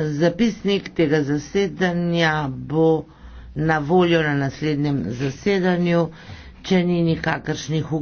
Zapisnik tega zasedanja bo na voljo na naslednjem zasedanju, če ni nikakršnih ugotovitev.